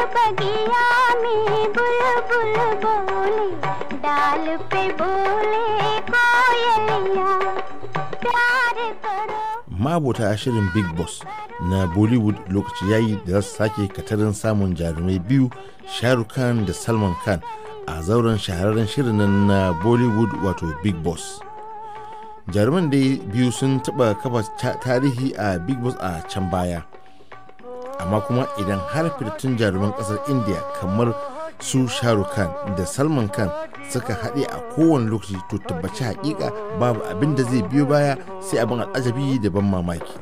बगिया में बुलबुल बोले डाल पे बोले कोयलिया प्यार shirin big boss na bollywood lokaci ya yi da zasu sake katarin samun jarumai biyu shahrukh khan da salman khan a zauren shahararren shirin na bollywood wato big boss jaruman dai biyu sun taba kafa tarihi a big boss a can baya amma kuma idan har fitattun jaruman kasar india kamar su shahrukh khan da salman khan suka haɗe a kowane lokaci to tabbaci hakika babu abin da zai biyo baya sai abin al'ajabi da ban mamaki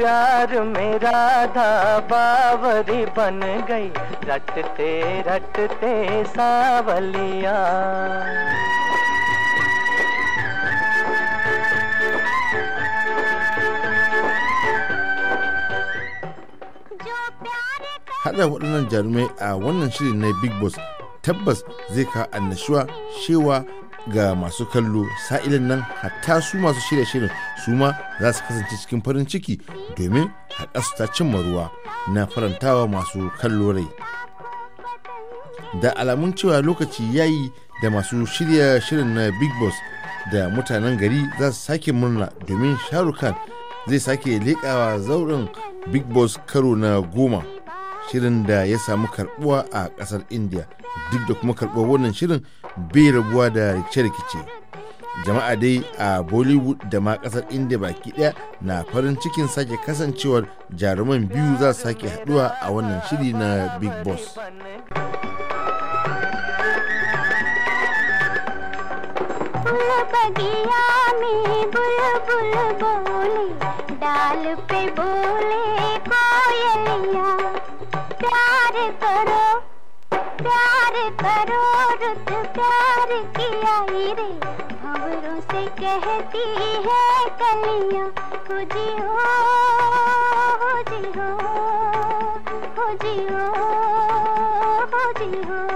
प्यार मेरा था बावरी बन गई रटते रटते Savaliya haɗa waɗannan jarumai a wannan shirin na big boss tabbas zai kawo annashuwa shewa ga masu kallo sa'ilin nan hatta su masu shirya shirin su ma za su kasance cikin farin ciki domin haɗa su ta cimma ruwa na farantawa masu kallo rai da alamun cewa lokaci ya yi da masu shirya shirin na big boss da mutanen gari za su sake murna domin sharukan zai sake leƙawa zauren big boss karo na goma shirin da ya samu karbuwa a kasar india duk da kuma karbuwa wannan shirin bai rabuwa da rikice-rikice jama'a dai a bollywood da ma kasar india baki daya na farin cikin sake kasancewar jaruman biyu za su sake haduwa a wannan shiri na big boss डाल पे बोले कोयलिया प्यार करो प्यार करो रुत प्यार किया रे खबरों से कहती है कलिया हो जी हो हो जी हो हो जी हो हो जी हो